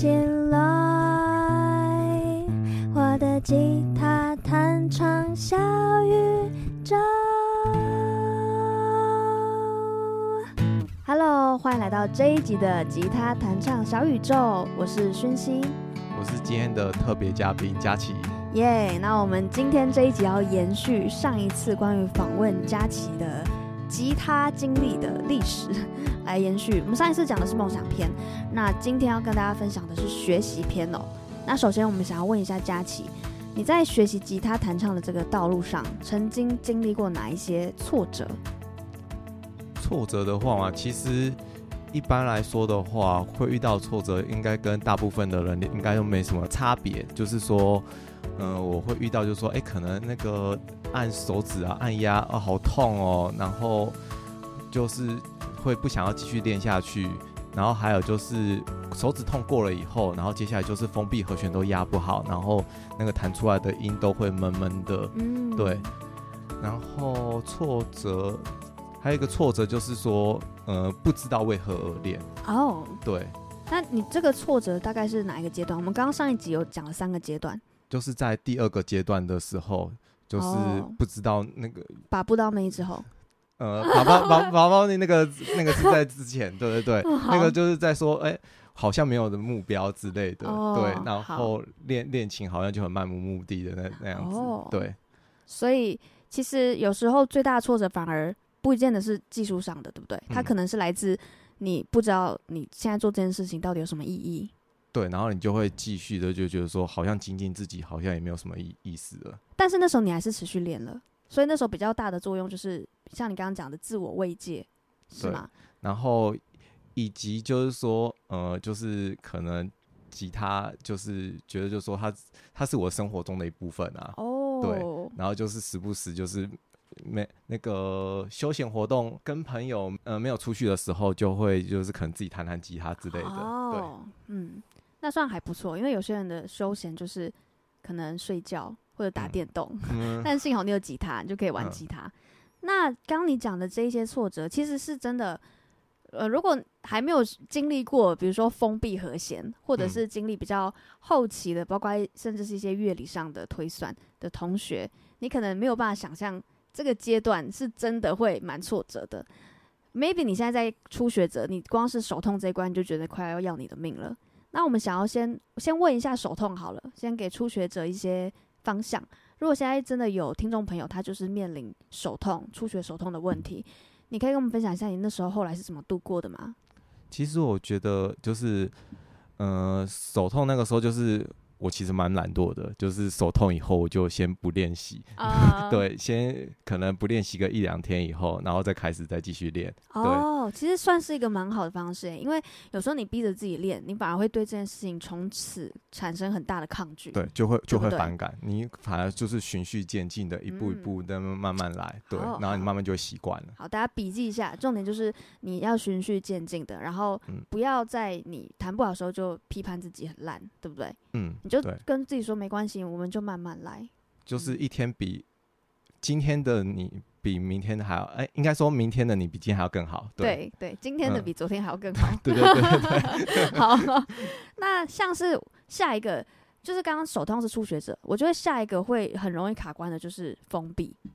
進來，我的吉他彈唱小宇宙。Hello，歡迎來到這一集的吉他彈唱小宇宙，我是軒心。我是今天的特別嘉賓家齊。耶、Yeah，那我們今天這一集要延續上一次關於訪問家齊的。吉他經歷的歷史來延續。我們上一次講的是夢想篇，那今天要跟大家分享的是學習篇哦。那首先我們想要問一下家齊，你在學習吉他彈唱的這個道路上，曾經經歷過哪一些挫折？挫折的話嘛，其實一般來說的話，會遇到挫折，應該跟大部分的人應該都沒什麼差別。就是說，嗯、呃，我會遇到，就是說，哎，可能那個。按手指啊，按壓哦，好痛哦！然後就是會不想要繼續練下去。然後還有就是手指痛過了以後，然後接下來就是封閉和弦都壓不好，然後那個彈出來的音都會悶悶的。嗯，對。然後挫折，還有一個挫折就是說，呃，不知道為何而練。哦，oh, 對。那你這個挫折大概是哪一個階段？我們剛剛上一集有講了三個階段，就是在第二個階段的時候。就是不知道那個把不到妹之後。呃，寶寶寶寶你那個那個是在之前， 對對對，那個就是在說，哎、欸，好像沒有的目標之類的，哦、對，然後練練琴好像就很漫無目的的那那樣子，哦、對。所以其實有時候最大的挫折反而不見得是技術上的，對不對？嗯、它可能是來自你不知道你現在做這件事情到底有什麼意義。對，然後你就會繼續的就覺得說，好像僅僅自己好像也沒有什麼意意思了。但是那時候你還是持續練了，所以那時候比較大的作用就是像你剛剛講的自我慰藉，是嗎？然後以及就是說，呃，就是可能吉他就是覺得就是說他它是我生活中的一部分啊。哦，Oh. 對。然後就是時不時就是沒那個休閒活動，跟朋友呃沒有出去的時候，就會就是可能自己彈彈吉他之類的。Oh. 對。啊、算還不錯，因為有些人的休閒就是可能睡覺或者打電動，嗯嗯、但幸好你有吉他，你就可以玩吉他。嗯、那剛你講的這一些挫折，其實是真的。呃，如果還沒有經歷過，比如說封閉和弦，或者是經歷比較後期的，嗯、包括甚至是一些樂理上的推算的同學，你可能沒有辦法想象這個階段是真的會蠻挫折的。Maybe 你現在在初學者，你光是手痛這一關就覺得快要要你的命了。那我們想要先先問一下手痛好了，先給初學者一些方向。如果現在真的有聽眾朋友，他就是面臨手痛、初學手痛的問題，你可以跟我們分享一下你那時候後來是怎麼度過的嗎？其實我覺得就是，呃，手痛那個時候就是。我其實蠻懶惰的，就是手痛以後我就先不練習，uh. 對，先可能不練習個一兩天以後，然後再開始再繼續練。哦、oh, 對，其實算是一個蠻好的方式，因為有時候你逼着自己練，你反而會對這件事情從此產生很大的抗拒，對，就會就會反感。對對你反而就是循序漸進的，一步一步的慢慢來，嗯、對，然後你慢慢就會習慣了好好。好，大家筆記一下，重點就是你要循序漸進的，然後不要在你彈不好的時候就批判自己很爛，對不對？嗯。就跟自己說沒關係，對我們就慢慢來。就是一天比今天的你比明天的還要，哎、嗯欸，應該說明天的你比今天還要更好。對對，對，今天的比昨天還要更好。嗯、對對對好，那像是下一個，就是剛剛手痛是初學者，我覺得下一個會很容易卡關的，就是封閉。嗯、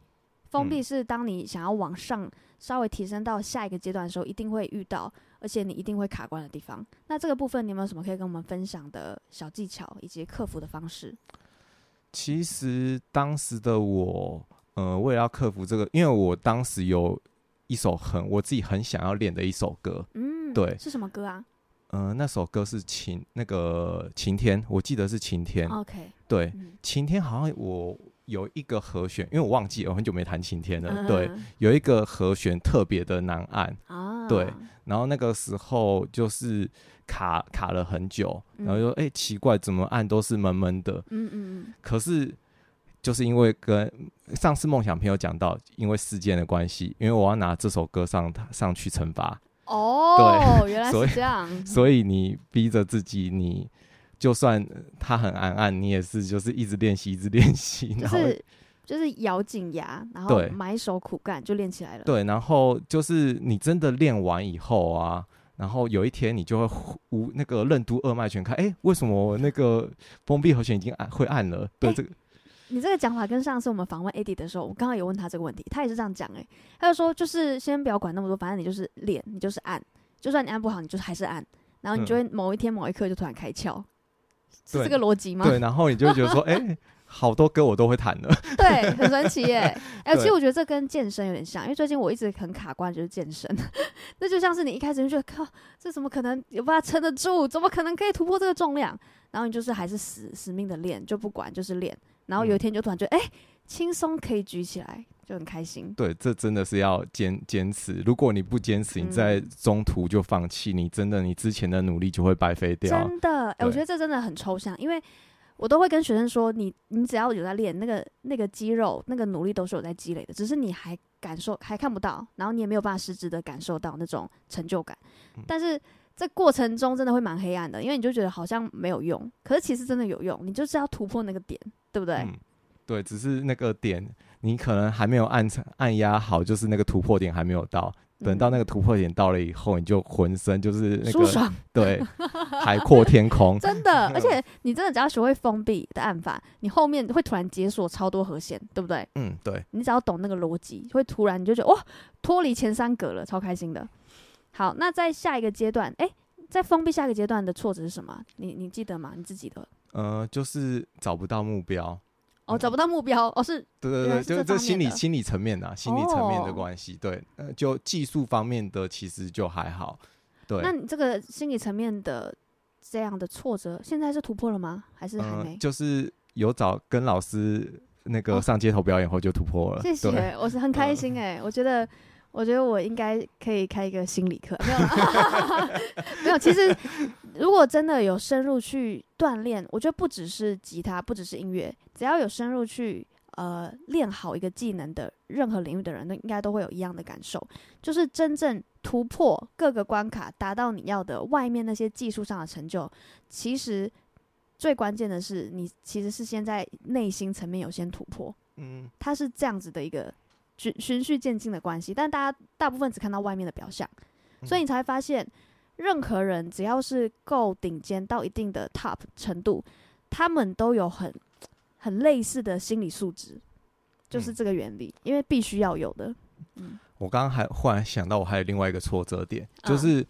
封閉是當你想要往上。稍微提升到下一個階段的時候，一定會遇到，而且你一定會卡關的地方。那這個部分你有沒有什麼可以跟我們分享的小技巧，以及克服的方式？其實當時的我，呃，我也要克服這個，因為我當時有一首很我自己很想要練的一首歌。嗯，對，是什麼歌啊？呃，那首歌是晴，那個晴天，我記得是晴天。OK，對，嗯、晴天好像我。有一個和弦，因為我忘記，我很久沒彈《晴天》了。嗯、哼對，有一個和弦特別的難按。啊、對，然後那個時候就是卡卡了很久，嗯、然後又哎、欸，奇怪，怎麼按都是悶悶的。嗯嗯，可是就是因為跟上次夢想朋友講到，因為事件的關係，因為我要拿這首歌上上去成發，去成發。哦，對，原來是這樣。 所以，所以你逼着自己，你。就算他很暗暗，你也是就是一直練習，一直練習，就是，就是就是咬緊牙，然後埋首苦幹，對就練起來了。對，然後就是你真的練完以後啊，然後有一天你就會無那個任督二脈全開，哎、欸，為什麼那個封閉和弦已經按會按了？對，欸、這個你這個講法跟上次我們訪問 AD 的時候，我剛剛有問他這個問題，他也是這樣講，誒，他就說就是先不要管那麼多，反正你就是練，你就是按，就算你按不好，你就是還是按，然後你就會某一天某一刻就突然開竅。嗯是這個邏輯嗎？對？對，然後你就覺得說，哎、欸， 好多歌我都會彈的，對，很神奇耶、欸欸。其實我覺得這跟健身有點像，對因為最近我一直很卡關就是健身， 那就像是你一開始就覺得，靠，這怎麼可能有辦法撐得住？怎麼可能可以突破這個重量？然後你就是還是死死命的練，就不管就是練，然後有一天你就突然覺得，哎、欸，輕鬆可以舉起來。就很開心。對，這真的是要堅堅持。如果你不堅持，你在中途就放棄，你真的，你之前的努力就會白費掉。真的，哎對、欸，我覺得這真的很抽象，因為我都會跟學生說，你，你只要有在練，那個，那個肌肉，那個努力都是有在積累的，只是你還感受還看不到，然後你也沒有辦法實質的感受到那種成就感。但是在過程中真的會蠻黑暗的，因為你就覺得好像沒有用，可是其實真的有用，你就是要突破那個點，對不對？嗯、對，只是那個點。你可能還沒有按按壓好，就是那個突破點還沒有到。等到那個突破點到了以後，嗯、你就渾身就是那個舒爽，對， 海闊天空， 真的。而且你真的只要學會封閉的按法， 你後面會突然解鎖超多和弦，對不對？嗯，對。你只要懂那個邏輯，會突然你就覺得哇，脫離前三格了，超開心的。好，那在下一個階段，哎、欸，在封閉下一個階段的挫折是什麼？你你記得嗎？你自己的？呃，就是找不到目標。哦，找不到目標，哦，是，是，對對對，就是這心理心理層面的，心理層面、啊、心理層面的關係，哦、對，呃，就技術方面的其實就還好，對。那你這個心理層面的這樣的挫折，現在是突破了嗎？還是還沒？嗯、就是有找跟老師那個上街頭表演後就突破了，哦、謝謝，對我是很開心誒、欸，嗯、我覺得。我覺得我應該可以開一個心理課，沒有、啊哈哈哈哈，沒有。其實，如果真的有深入去鍛鍊，我覺得不只是吉他，不只是音樂，只要有深入去呃練好一個技能的任何領域的人，都應該都會有一樣的感受，就是真正突破各個關卡，達到你要的外面那些技術上的成就，其實最關鍵的是你其實是先在內心層面有先突破，嗯，它是這樣子的一個。循循序漸進的關係，但大家大部分只看到外面的表象，所以你才會發現，任何人只要是夠頂尖到一定的 top 程度，他們都有很很類似的心理素質，就是這個原理，嗯，因為必須要有的。嗯，我剛剛還忽然想到，我還有另外一個挫折點，就是。啊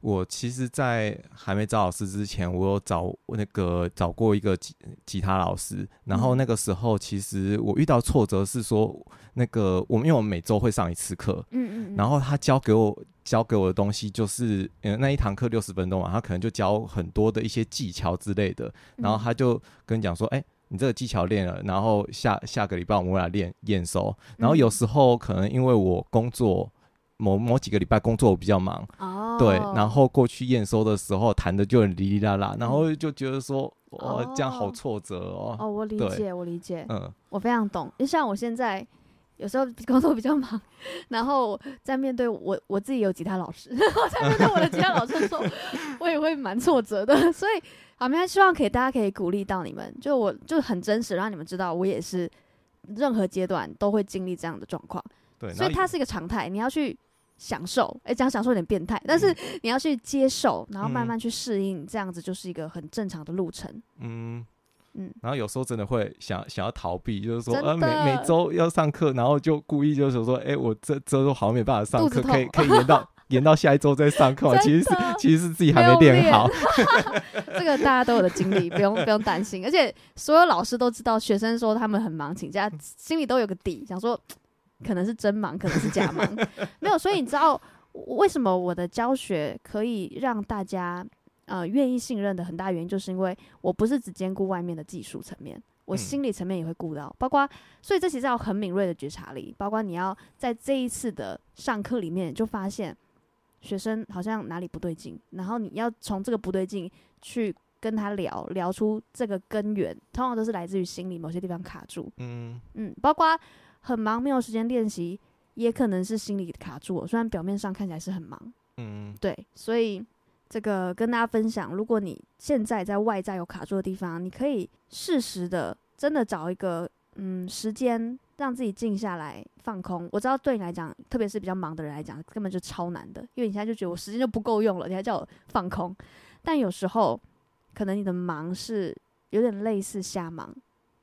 我其實，在還沒找老師之前，我有找那個找過一個吉吉他老師。然後那個時候，其實我遇到挫折是說，那個我們因為我們每周會上一次課，嗯，嗯嗯，然後他教給我教給我的東西就是，嗯、呃，那一堂課六十分鐘嘛，他可能就教很多的一些技巧之類的。然後他就跟你講說：“哎、欸，你這個技巧練了，然後下下個禮拜我們倆練驗收。”然後有時候可能因為我工作。某某幾個禮拜工作我比較忙，哦、對，然後過去驗收的時候談的就很哩哩啦啦，嗯、然後就覺得說，哦，這樣好挫折哦。哦，我理解，對我理解，我理解，嗯，我非常懂，就像我現在有時候工作比較忙，然後在面對我我自己有吉他老師，我 在面對我的吉他老師說， 我也會蠻挫折的，所以好，明天希望可以大家可以鼓勵到你們，就我就很真實，讓你們知道我也是，任何階段都會經歷這樣的狀況，對，所以它是一個常態，後你要去。享受，哎、欸，講享受有點變態，但是你要去接受，然後慢慢去適應，嗯、這樣子就是一個很正常的路程。嗯嗯，嗯然後有時候真的會想想要逃避，就是說，的呃，每每周要上課，然後就故意就是說，哎、欸，我這這都好像沒辦法上課，可以可以延到延 到下一周再上課。的其實是其實是自己還沒練好沒有。 這個大家都有的經歷，不用不用擔心。而且所有老師都知道學生說他們很忙請假，心裡都有個底，想說。可能是真忙，可能是假忙， 沒有。所以你知道為什麼我的教學可以讓大家呃願意信任的很大原因，就是因為我不是只兼顧外面的技術層面，我心理層面也會顧到。嗯、包括，所以這其實要很敏銳的覺察力。包括你要在這一次的上課裡面，就發現學生好像哪裡不對勁，然後你要從這個不對勁去跟他聊，聊出這個根源，通常都是來自於心理某些地方卡住。嗯嗯，包括。很忙，沒有時間練習，也可能是心理卡住了。雖然表面上看起來是很忙，嗯，對，所以這個跟大家分享，如果你現在在外在有卡住的地方，你可以適時的真的找一個嗯時間，讓自己靜下來放空。我知道對你來講，特別是比較忙的人來講，根本就超難的，因為你現在就覺得我時間就不夠用了，你還叫我放空。但有時候，可能你的忙是有點類似瞎忙。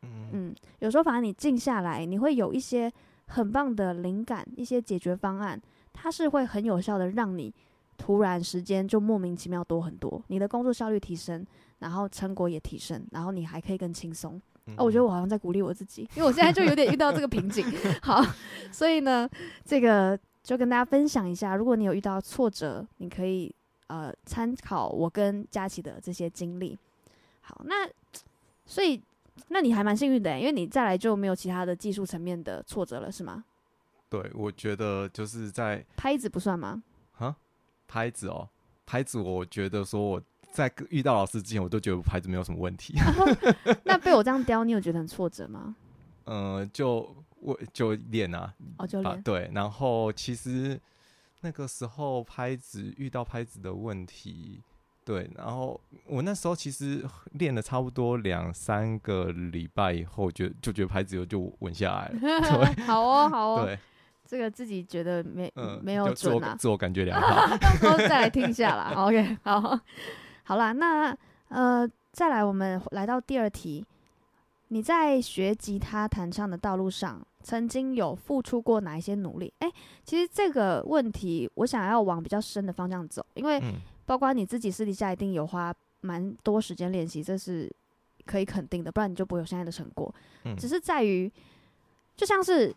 嗯，有時候反而你靜下來，你會有一些很棒的靈感，一些解決方案，它是會很有效的，讓你突然時間就莫名其妙多很多，你的工作效率提升，然後成果也提升，然後你還可以更輕鬆、嗯哼哦。我覺得我好像在鼓勵我自己，因為我現在就有點遇到這個瓶頸。 好，所以呢，這個就跟大家分享一下，如果你有遇到挫折，你可以呃參考我跟家齊的這些經歷。好，那所以。那你還蠻幸運的、欸，因為你再來就沒有其他的技術層面的挫折了，是嗎？對，我覺得就是在拍子不算嗎？蛤？拍子哦，拍子，我覺得說我在遇到老師之前，我都覺得拍子沒有什麼問題。 那被我這樣刁，你有覺得很挫折嗎？嗯、呃，就我就練啊，哦，就練。對，然後其實那個時候拍子遇到拍子的問題。對，然後我那時候其實練了差不多兩三個禮拜以後就，就就覺得拍子就就穩下來了。對 好哦，好哦，對，這個自己覺得沒、呃、沒有準，自我感覺良好，到時候再來聽一下啦。OK，好，好啦。那呃，再來我們來到第二題，你在學吉他彈唱的道路上，曾經有付出過哪一些努力？哎，其實這個問題我想要往比較深的方向走，因為、嗯。包括你自己私底下一定有花蠻多時間練習，這是可以肯定的，不然你就不會有現在的成果。嗯、只是在於，就像是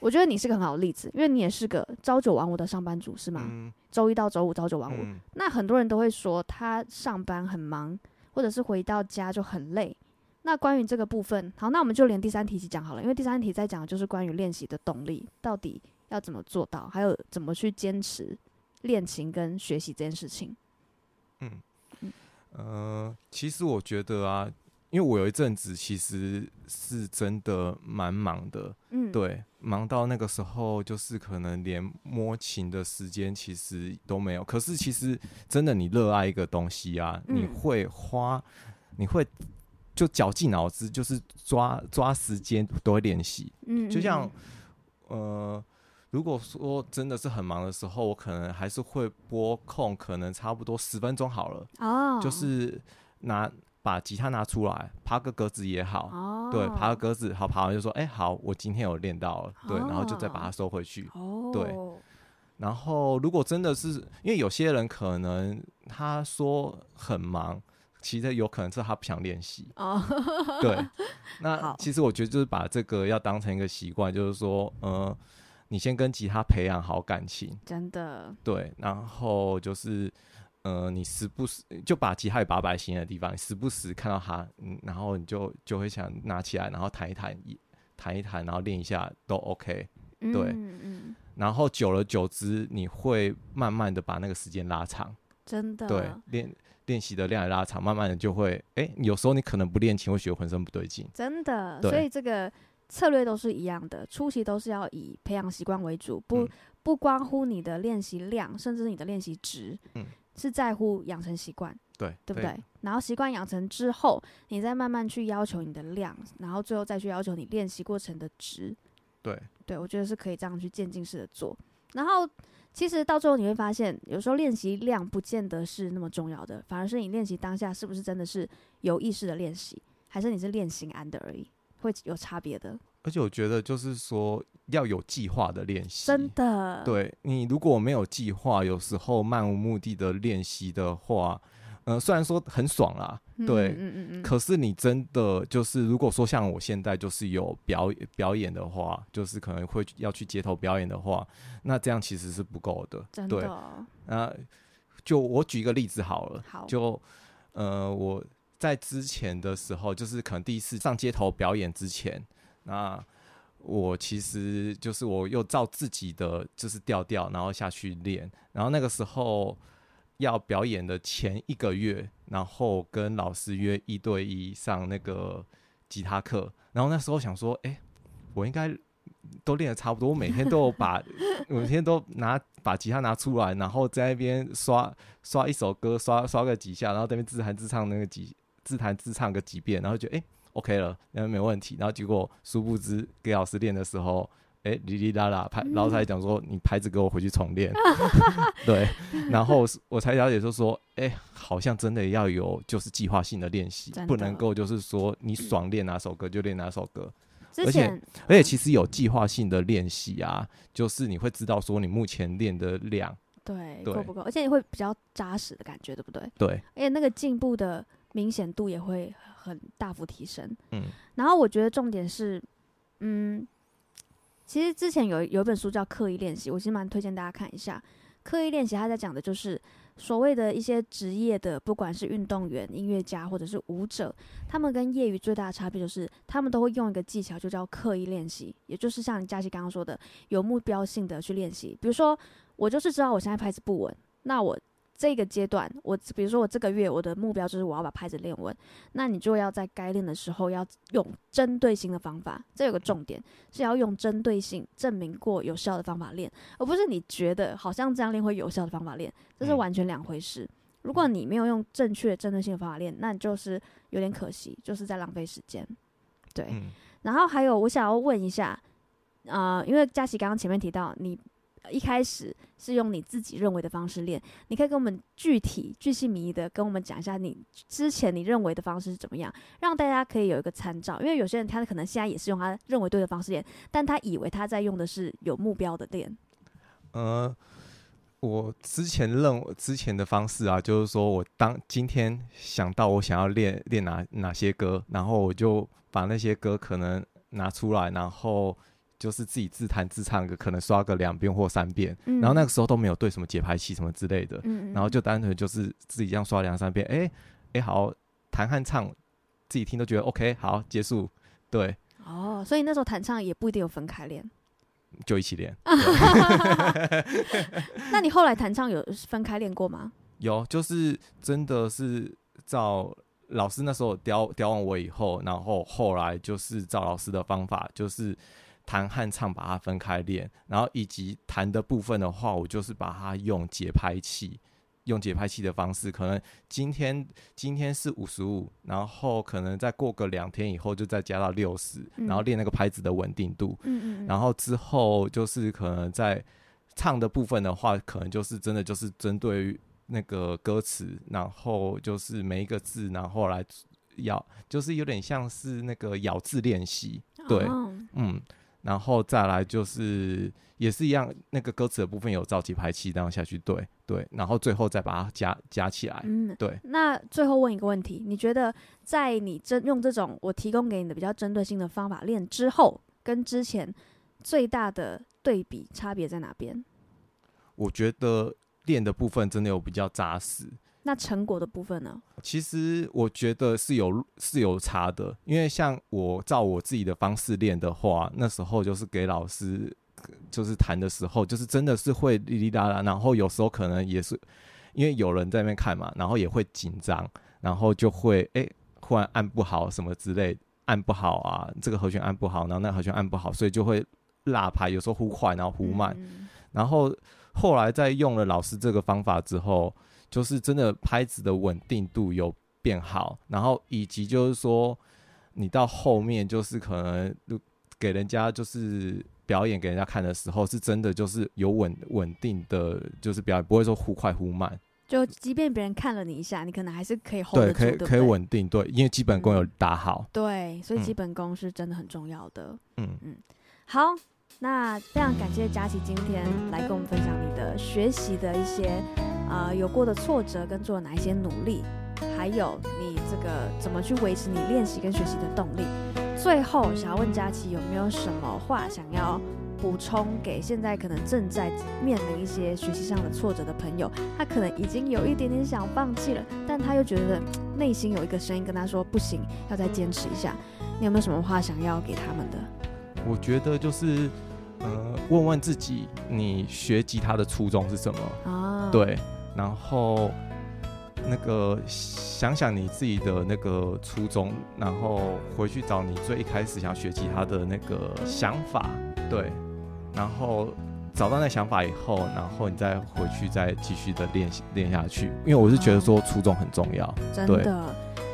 我覺得你是個很好的例子，因為你也是個朝九晚五的上班族，是嗎？嗯、週一到週五朝九晚五，嗯、那很多人都會說他上班很忙，或者是回到家就很累。那關於這個部分，好，那我們就連第三題一起講好了，因為第三題在講的就是關於練習的動力到底要怎麼做到，還有怎麼去堅持。練琴跟學習這件事情，嗯，呃，其實我覺得啊，因為我有一陣子其實是真的蠻忙的，嗯、對，忙到那個時候就是可能連摸琴的時間其實都沒有。可是其實真的，你熱愛一個東西啊，嗯、你會花，你會就絞盡腦汁，就是抓抓時間多練習。嗯嗯嗯，就像呃。如果說真的是很忙的時候，我可能還是會撥空，可能差不多十分鐘好了。Oh. 就是拿把吉他拿出來，爬個格子也好。Oh. 對，爬個格子，好爬完就說，哎、欸，好，我今天有練到了。Oh. 對，然後就再把它收回去。Oh. 對，然後如果真的是因為有些人可能他說很忙，其實有可能是他不想練習。Oh. 對，那其實我覺得就是把這個要當成一個習慣，就是說，嗯、呃……你先跟吉他培養好感情，真的對。然後就是，呃，你時不時就把吉他有擺擺心的地方，時不時看到它，然後你就就會想拿起來，然後彈一彈，彈一彈，然後練一下都 OK。對，嗯嗯、然後久而久之，你會慢慢的把那個時間拉長，真的對，練練習的量也拉長，慢慢的就會，哎，有時候你可能不練琴，會覺得渾身不對勁，真的。對所以這個，策略都是一樣的，初期都是要以培養習慣為主，不、嗯、不關乎你的練習量，甚至是你的練習值，嗯，是在乎養成習慣，對，對不對？對，然後習慣養成之後，你再慢慢去要求你的量，然後最後再去要求你練習過程的值，對，對我覺得是可以這樣去漸進式的做。然後其實到最後你會發現，有時候練習量不見得是那麼重要的，反而是你練習當下是不是真的是有意識的練習，還是你是練心安的而已。會有差別的，而且我覺得就是說要有計劃的練習，真的。對你，如果沒有計劃，有時候漫無目的的練習的話，嗯、呃，雖然說很爽啦，對，嗯嗯嗯嗯嗯。可是你真的就是，如果說像我現在就是有表表演的話，就是可能會要去街頭表演的話，那這樣其實是不夠的，真的。那、呃、就我舉一個例子好了，好，就呃我。在之前的時候，就是可能第一次上街頭表演之前，那我其實就是我又照自己的就是調調，然後下去練。然後那個時候要表演的前一個月，然後跟老師約一對一上那個吉他課。然後那時候想說，哎、欸，我應該都練得差不多，我每天都有把，每天都拿把吉他拿出來，然後在那邊刷刷一首歌，刷刷個幾下，然後在那邊自彈自唱那個幾。自彈自唱個幾遍，然後就哎、欸，OK 了，那沒問題。然後結果殊不知給老師練的時候，哎、欸，哩哩啦啦拍，老師還講說、嗯、你拍子給我回去重練。 對，然後我才了解就說，哎、欸，好像真的要有就是計劃性的練習，的不能夠就是說你爽練哪首歌就練哪首歌。前而且而且其實有計劃性的練習啊，就是你會知道說你目前練的量，對，夠對不夠？而且你會比較扎實的感覺，對不對？對，而且那個進步的。明顯度也會很大幅提升。嗯，然後我覺得重點是，嗯，其實之前有有一本書叫《刻意練習》，我其實蠻推薦大家看一下。刻意練習，他在講的就是所謂的一些職業的，不管是運動員、音樂家或者是舞者，他們跟業餘最大的差別就是，他們都會用一個技巧，就叫刻意練習，也就是像家齊剛剛說的，有目標性的去練習。比如說，我就是知道我現在拍子不穩，那我。這個階段，我比如說我這個月我的目標就是我要把拍子練穩，那你就要在該練的時候要用針對性的方法。這有個重點是要用針對性證明過有效的方法練，而不是你覺得好像這樣練會有效的方法練，這是完全兩回事。哎、如果你沒有用正確的針對性的方法練，那你就是有點可惜，就是在浪費時間。對，嗯、然後還有我想要問一下，啊、呃，因為家齊剛剛前面提到你。一開始是用你自己認為的方式練，你可以跟我們具體、鉅細靡遺的跟我們講一下你之前你認為的方式是怎麼樣，讓大家可以有一個參照。因為有些人他可能現在也是用他認為對的方式練，但他以為他在用的是有目標的練。呃，我之前認之前的方式啊，就是說我當今天想到我想要練練哪哪些歌，然後我就把那些歌可能拿出來，然後。就是自己自彈自唱個，可能刷個兩遍或三遍，嗯、然後那個時候都沒有對什麼節拍器什麼之類的，嗯嗯然後就單純就是自己這樣刷兩三遍，哎哎好，彈和唱自己聽都覺得 OK，好結束，對。哦，所以那時候彈唱也不一定有分開練，就一起練。 那你後來彈唱有分開練過嗎？有，就是真的是照老師那時候雕雕完我以後，然後後來就是照老師的方法就是。彈和唱把它分開練，然後以及彈的部分的話，我就是把它用節拍器，用節拍器的方式。可能今天今天是五十五，然後可能再過個兩天以後就再加到六十，然後練那個拍子的穩定度。嗯、然後之後就是可能在唱的部分的話，可能就是真的就是針對那個歌詞，然後就是每一個字，然後來咬，就是有點像是那個咬字練習。對，哦、嗯。然後再來就是，也是一樣，那個歌詞的部分有造句、排氣，然後下去對對，然後最後再把它加加起來。嗯，對。那最後問一個問題，你覺得在你真用這種我提供給你的比較針對性的方法練之後，跟之前最大的對比差別在哪邊？我覺得練的部分真的有比較紮實。那成果的部分呢？其實我覺得是有是有差的，因為像我照我自己的方式練的話，那時候就是給老師就是彈的時候，就是真的是會哩哩啦啦，然後有時候可能也是因為有人在那邊看嘛，然後也會緊張，然後就會哎，忽然按不好什麼之類，按不好啊，這個和弦按不好，然後那個和弦按不好，所以就會拉拍，有時候忽快然後忽慢，然後、嗯、然後，後來在用了老師這個方法之後。就是真的拍子的穩定度有變好，然後以及就是說，你到後面就是可能給人家就是表演給人家看的時候，是真的就是有穩穩定的，就是表演不會說忽快忽慢。就即便別人看了你一下，你可能還是可以 hold 得住，對不對？對，可以，可以穩定，對，因為基本功有打好。嗯。對，所以基本功是真的很重要的。嗯嗯，好，那非常感謝家齊今天來跟我們分享你的學習的一些。呃，有過的挫折跟做了哪一些努力，還有你這個怎麼去維持你練習跟學習的動力？最後，想要問家齊有沒有什麼話想要補充給現在可能正在面臨一些學習上的挫折的朋友？他可能已經有一點點想放棄了，但他又覺得內心有一個聲音跟他說：“不行，要再堅持一下。”你有沒有什麼話想要給他們的？我覺得就是，嗯、呃，問問自己，你學吉他的初衷是什麼？啊，對。然後，那個想想你自己的那個初衷，然後回去找你最一開始想學吉他的那個想法，對。然後找到那想法以後，然後你再回去再繼續的練練下去。因為我是覺得說初衷很重要，嗯、對真的。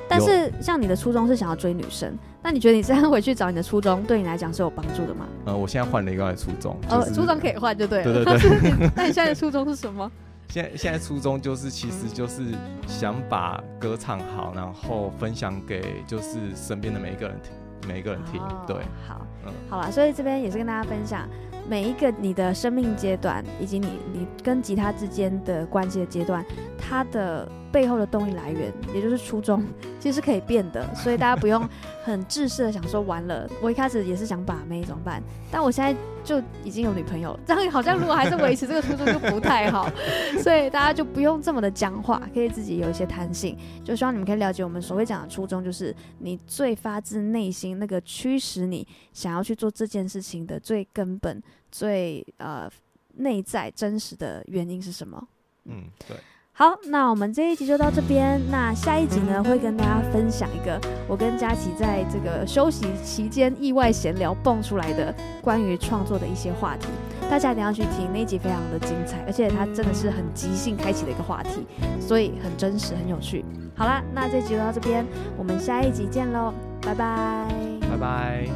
但是像你的初衷是想要追女生，那有你覺得你這樣回去找你的初衷，對你來講是有幫助的嗎？呃，我現在換了一個初衷，呃、就是哦。初衷可以換就對了，那對 你現在的初衷是什麼？現在現在初衷就是，其實就是想把歌唱好，然後分享給就是身邊的每一個人聽，每一個人聽。好對，好，嗯，好啦，所以這邊也是跟大家分享，每一個你的生命階段，以及你你跟吉他之間的關係的階段，它的。背後的動力來源，也就是初衷，其實是可以變的，所以大家不用很自私的想說完了。我一開始也是想把妹怎麼辦，但我現在就已經有女朋友了，這樣好像如果還是維持這個初衷就不太好， 所以大家就不用這麼的僵化，可以自己有一些彈性。就希望你們可以了解我們所謂講的初衷，就是你最發自內心那個驅使你想要去做這件事情的最根本、最呃內在真實的原因是什麼？嗯，對。好，那我們這一集就到這邊。那下一集呢，會跟大家分享一個我跟家齊在這個休息期間意外閒聊蹦出來的關於創作的一些話題，大家一定要去聽，那一集非常的精彩，而且它真的是很即興開啟的一個話題，所以很真實，很有趣。好啦，那這集就到這邊，我們下一集見嘍，拜拜，拜拜。